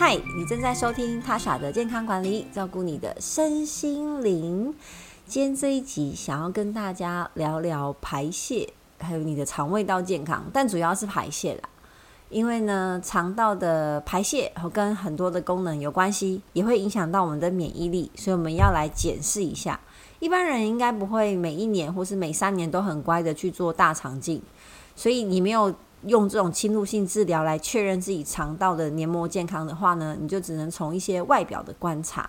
嗨，Hi, 你正在收聽 Tasha 的健康管理，照顧你的身心靈。今天這一集想要跟大家聊聊排泄，還有你的腸胃道健康，但主要是排泄啦。因為呢，腸道的排泄和跟很多的功能有關係，也會影響到我們的免疫力，所以我們要來檢視一下。一般人應該不會每一年或是每三年都很乖的去做大腸鏡，所以你沒有。用這種侵入性治療，來確認自己腸道的黏膜健康的話呢，你就只能從一些外表的觀察。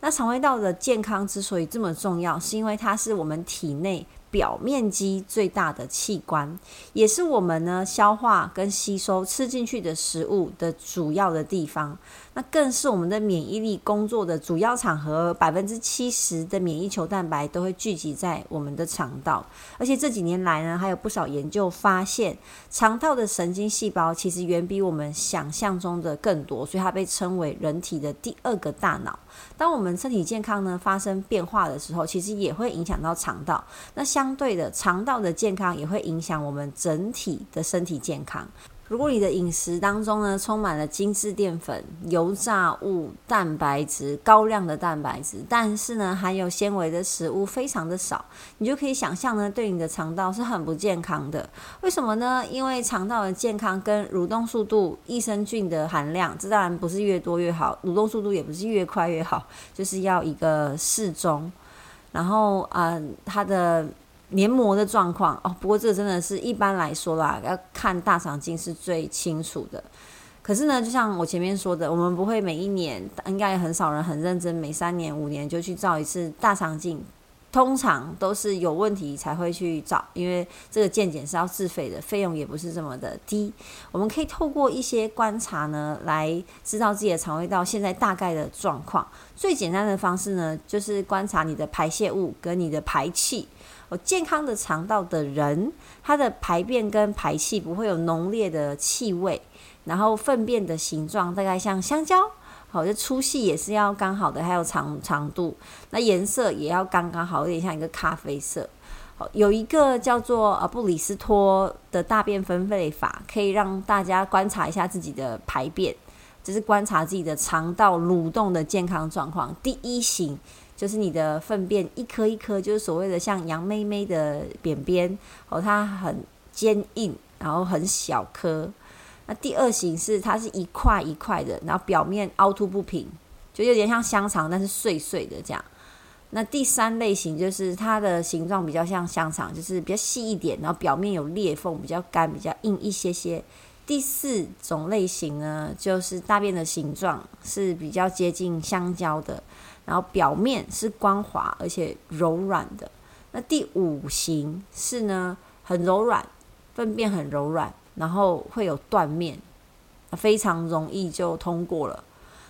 那腸胃道的健康之所以這麼重要，是因為它是我們體內表面積最大的器官，也是我們呢消化跟吸收吃進去的食物的主要的地方。那更是我們的免疫力工作的主要場合，百分之七十的免疫球蛋白都會聚集在我們的腸道。而且這幾年來呢，還有不少研究發現，腸道的神經細胞其實遠比我們想象中的更多，所以它被稱為人體的第二個大腦。當我們身體健康呢發生變化的時候，其實也會影響到腸道。那像相對的，腸道的健康也會影響我們整體的身體健康。如果你的飲食當中呢，充滿了精致澱粉、油炸物、蛋白質、高量的蛋白質，但是呢，含有纖維的食物非常的少，你就可以想象呢，對你的腸道是很不健康的。為什麼呢？因為腸道的健康跟蠕動速度、益生菌的含量，這當然不是越多越好，蠕動速度也不是越快越好，就是要一個適中。然後，嗯、呃，它的。黏膜的狀況哦，不過這真的是一般來說啦，要看大腸鏡是最清楚的。可是呢，就像我前面說的，我們不會每一年，應該很少人很認真，每三年、五年就去照一次大腸鏡。通常都是有問題才會去照，因為這個健檢是要自費的，費用也不是這麼的低。我們可以透過一些觀察呢，來知道自己的腸胃道現在大概的狀況。最簡單的方式呢，就是觀察你的排泄物跟你的排氣。健康的腸道的人，他的排便跟排氣，不會有濃烈的氣味，然後糞便的形狀大概像香蕉，好，就粗細也是要剛好的，還有長長度，那顏色也要剛剛好，有點像一個咖啡色。好，有一個叫做呃布里斯托的大便分類法，可以讓大家觀察一下自己的排便，就是觀察自己的腸道蠕動的健康狀況。第一型。就是你的糞便一顆一顆，就是所謂的像羊咩咩的扁扁哦，它很堅硬，然後很小顆。那第二型是它是一塊一塊的，然後表面凹凸不平，就有點像香腸，但是碎碎的這樣。那第三類型就是它的形狀比較像香腸，就是比較細一點，然後表面有裂縫，比較乾、比較硬一些些。第四種類型呢，就是大便的形狀是比較接近香蕉的。然後表面是光滑而且柔軟的。那第五型是呢，很柔軟，糞便很柔軟，然後會有斷面，非常容易就通過了。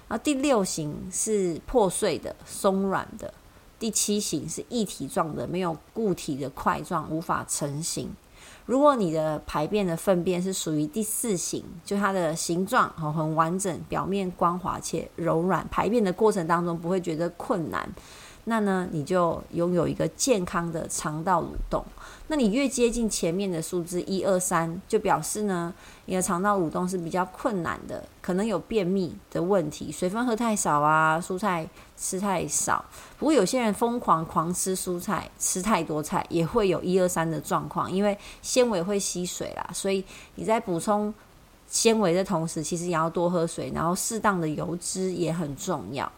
那第六型是破碎的、鬆軟的。第七型是液體狀的，沒有固體的塊狀，無法成型。如果你的排便的糞便是屬於第四型，就它的形狀很很完整，表面光滑且柔軟，排便的過程當中不會覺得困難。那呢，你就擁有一個健康的腸道蠕動。那你越接近前面的數字一二三，就表示呢，你的腸道蠕動是比較困難的，可能有便秘的問題，水分喝太少啊，蔬菜吃太少。不過有些人瘋狂狂吃蔬菜，吃太多菜也會有一二三的狀況，因為纖維會吸水啦，所以你在補充纖維的同時，其實也要多喝水，然後適當的油脂也很重要。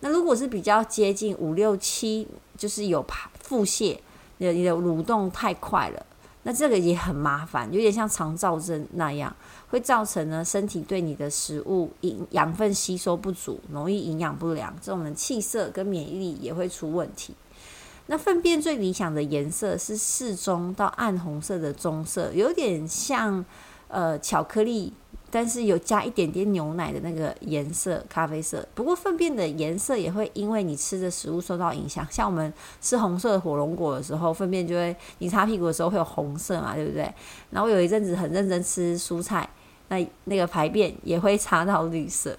那如果是比較接近五六七，就是有排腹瀉，你的蠕動太快了，那這個也很麻煩，有點像腸躁症那樣，會造成呢身體對你的食物營養分吸收不足，容易營養不良，這種的氣色跟免疫力也會出問題。那糞便最理想的顏色是適中到暗紅色的棕色，有點像呃巧克力。但是有加一點點牛奶的那個顏色，咖啡色。不過糞便的顏色也會因為你吃的食物受到影響。像我們吃紅色的火龍果的時候，糞便就會，你擦屁股的時候會有紅色嘛，對不對？然後有一陣子很認真吃蔬菜，那那個排便也會擦到綠色。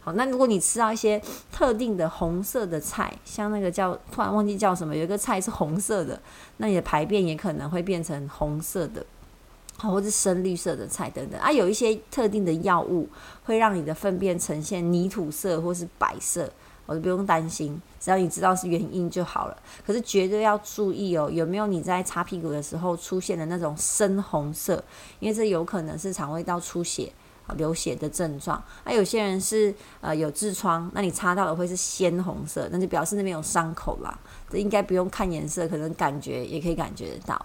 好，那如果你吃到一些特定的紅色的菜，像那個叫突然忘記叫什麼，有一個菜是紅色的，那你的排便也可能會變成紅色的。或是深綠色的菜等等啊，有一些特定的藥物會讓你的糞便呈現泥土色或是白色，我就不用擔心，只要你知道是原因就好了。可是絕對要注意哦，有沒有你在擦屁股的時候出現的那種深紅色？因為這有可能是腸胃道出血、啊、流血的症狀。那、啊、有些人是呃有痔瘡，那你擦到的會是鮮紅色，那就表示那邊有傷口了。這應該不用看顏色，可能感覺也可以感覺得到。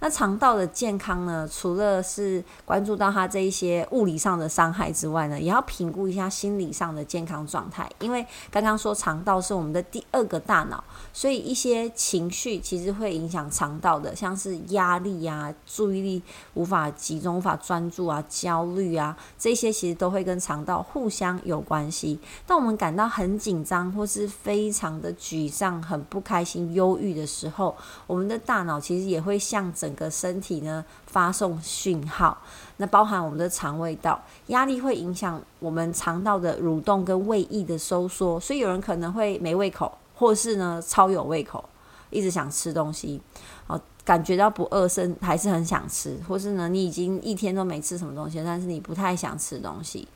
那腸道的健康呢？除了是關注到它這一些物理上的傷害之外呢，也要評估一下心理上的健康狀態。因為剛剛說腸道是我們的第二個大腦，所以一些情緒其實會影響腸道的，像是壓力啊、注意力無法集中、無法專注啊、焦慮啊這些，其實都會跟腸道互相有關係。當我們感到很緊張或是非常的沮喪、很不開心、憂鬱的時候，我們的大腦其實也會象着。整個身體呢發送訊號，那包含我們的腸胃道，壓力會影響我們腸道的蠕動跟胃液的收縮，所以有人可能會沒胃口，或是呢超有胃口，一直想吃東西，哦，感覺到不餓身，身還是很想吃，或是呢你已經一天都沒吃什麼東西，但是你不太想吃東西。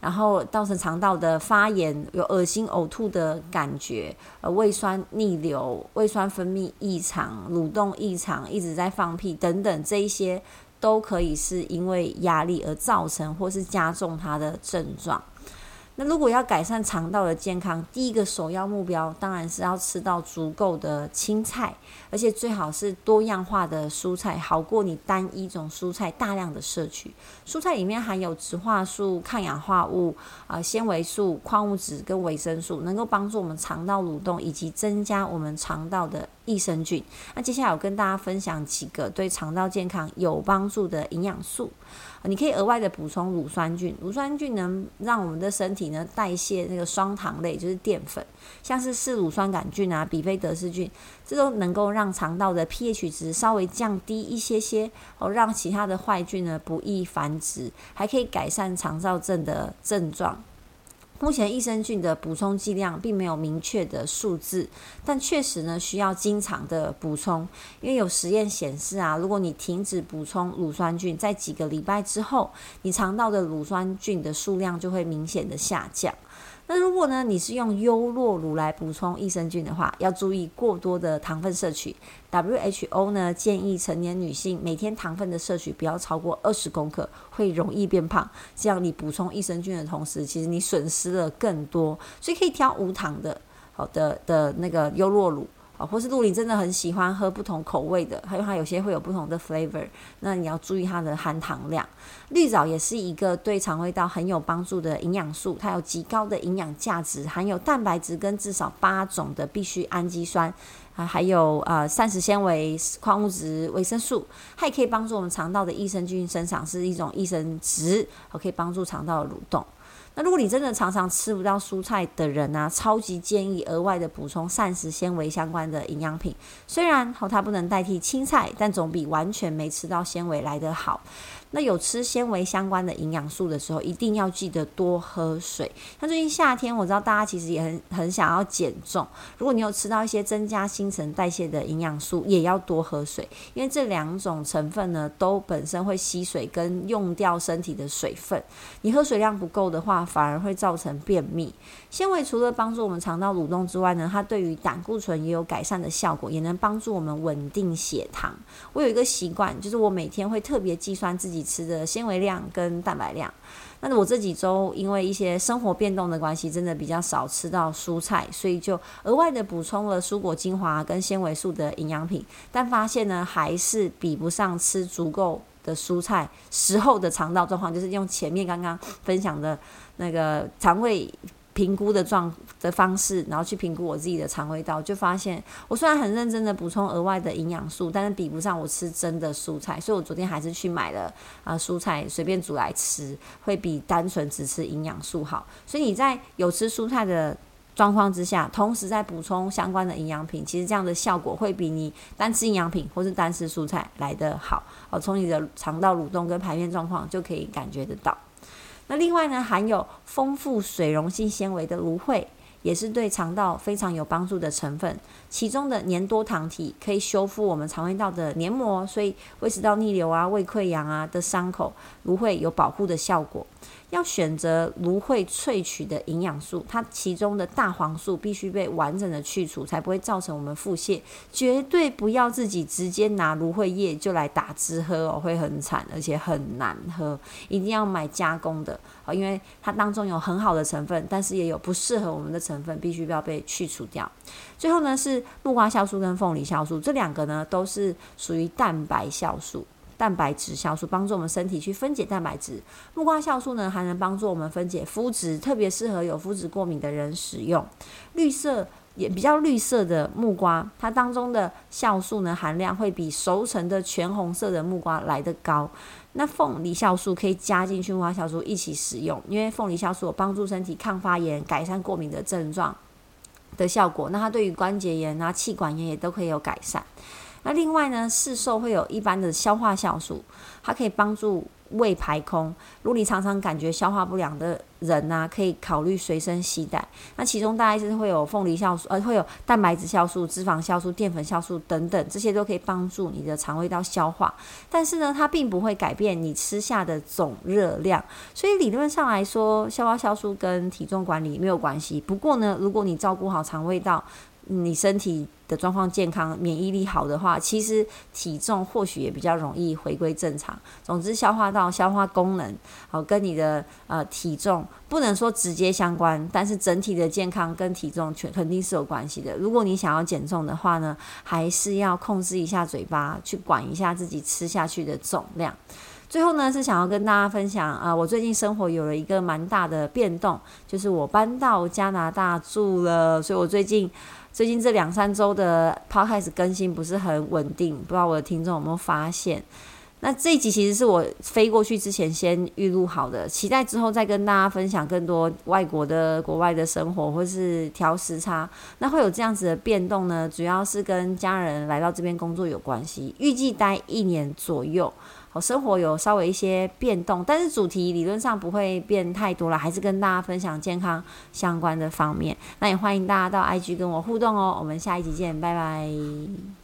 然後造成腸道的發炎，有惡心、嘔吐的感覺，呃，胃酸逆流、胃酸分泌異常、蠕動異常，一直在放屁等等，這一些都可以是因為壓力而造成或是加重它的症狀。那如果要改善腸道的健康，第一個首要目標當然是要吃到足夠的青菜，而且最好是多樣化的蔬菜，好過你單一種蔬菜大量的攝取。蔬菜裡面含有植化素、抗氧化物啊、呃、纖維素、礦物質跟維生素，能夠幫助我們腸道蠕動，以及增加我們腸道的。益生菌，那接下來我跟大家分享幾個對腸道健康有幫助的營養素，你可以額外的補充乳酸菌，乳酸菌能讓我們的身體呢代謝那個雙糖類，就是澱粉，像是嗜乳酸桿菌啊、比菲德氏菌，這都能夠讓腸道的 pH 值稍微降低一些些，哦，讓其他的壞菌呢不易繁殖，還可以改善腸躁症的症狀。目前益生菌的補充劑量並沒有明確的數字，但確實呢需要經常的補充，因為有實驗顯示啊，如果你停止補充乳酸菌，在幾個禮拜之後，你腸道的乳酸菌的數量就會明顯的下降。那如果呢，你是用優酪乳來補充益生菌的話，要注意過多的糖分攝取。WHO 呢建議成年女性每天糖分的攝取不要超過二十公克，會容易變胖。這樣你補充益生菌的同時，其實你損失了更多，所以可以挑無糖的好的的那個優酪乳。哦，或是露露真的很喜歡喝不同口味的，因為它有些會有不同的 flavor，那你要注意它的含糖量。綠藻也是一個對腸胃道很有幫助的營養素，它有極高的營養價值，含有蛋白質跟至少八種的必需氨基酸，啊，還有呃膳食纖維、礦物質、維生素，它也可以幫助我們腸道的益生菌生長，是一種益生質，哦，可以幫助腸道的蠕動。那如果你真的常常吃不到蔬菜的人啊，超級建議額外的補充膳食纖維相關的營養品。雖然它不能代替青菜，但總比完全沒吃到纖維來得好。那有吃纖維相關的營養素的時候，一定要記得多喝水。那最近夏天，我知道大家其實也很很想要減重。如果你有吃到一些增加新陳代謝的營養素，也要多喝水，因為這兩種成分呢，都本身會吸水跟用掉身體的水分。你喝水量不夠的話，反而會造成便秘。纖維除了幫助我們腸道蠕動之外呢，它對於膽固醇也有改善的效果，也能幫助我們穩定血糖。我有一個習慣，就是我每天會特別計算自己。吃的纖維量跟蛋白量，那我這幾週因為一些生活變動的關係，真的比較少吃到蔬菜，所以就額外的補充了蔬果精華跟纖維素的營養品，但發現呢還是比不上吃足夠的蔬菜時候的腸道狀況，就是用前面剛剛分享的那個腸胃。評估的狀的方式，然後去評估我自己的腸胃道，就發現我雖然很認真的補充額外的營養素，但是比不上我吃真的蔬菜，所以我昨天還是去買了啊、呃、蔬菜隨便煮來吃，會比單純只吃營養素好。所以你在有吃蔬菜的狀況之下，同時在補充相關的營養品，其實這樣的效果會比你單吃營養品或是單吃蔬菜來得好。哦，從你的腸道蠕動跟排便狀況就可以感覺得到。那另外呢，含有豐富水溶性纖維的蘆薈，也是對腸道非常有幫助的成分。其中的黏多醣體可以修復我們腸胃道的黏膜，所以胃食道逆流啊、胃潰瘍啊的傷口，蘆薈有保護的效果。要選擇蘆薈萃取的營養素，它其中的大黃素必須被完整的去除，才不會造成我們腹瀉。絕對不要自己直接拿蘆薈葉就來打汁喝哦，會很慘，而且很難喝。一定要買加工的。哦，因為它當中有很好的成分，但是也有不適合我們的成分，必須要被去除掉。最後呢，是木瓜酵素跟鳳梨酵素，這兩個呢都是屬於蛋白酵素。蛋白質酵素幫助我們身體去分解蛋白質，木瓜酵素呢還能幫助我們分解麩質，特別適合有麩質過敏的人使用。綠色也比較綠色的木瓜，它當中的酵素呢含量會比熟成的全紅色的木瓜來得高。那鳳梨酵素可以加進去木瓜酵素一起使用，因為鳳梨酵素有幫助身體抗發炎、改善過敏的症狀的效果。那它對於關節炎啊、氣管炎也都可以有改善。那另外呢，市售會有一般的消化酵素，它可以幫助胃排空。如果你常常感覺消化不良的人啊，可以考慮隨身攜帶。那其中大概是會有鳳梨酵素，呃，會有蛋白質酵素、脂肪酵素、澱粉酵素等等，這些都可以幫助你的腸胃道消化。但是呢，它並不會改變你吃下的總熱量，所以理論上來說，消化酵素跟體重管理沒有關係。不過呢，如果你照顧好腸胃道，你身體的狀況健康，免疫力好的話，其實體重或許也比較容易回歸正常。總之，消化道消化功能，好、呃，跟你的呃體重不能說直接相關，但是整體的健康跟體重全肯定是有關係的。如果你想要減重的話呢，還是要控制一下嘴巴，去管一下自己吃下去的總量。最後呢，是想要跟大家分享啊、呃，我最近生活有了一個蠻大的變動，就是我搬到加拿大住了，所以我最近。最近這兩三周的 podcast 更新不是很穩定，不知道我的聽眾有沒有發現。那這一集其實是我飛過去之前先預錄好的，期待之後再跟大家分享更多外國的國外的生活，或是調時差。那會有這樣子的變動呢，主要是跟家人來到這邊工作有關係，預計待一年左右。生活有稍微一些變動，但是主題理論上不會變太多了，還是跟大家分享健康相關的方面。那也歡迎大家到 IG 跟我互動哦。我們下一集見，拜拜。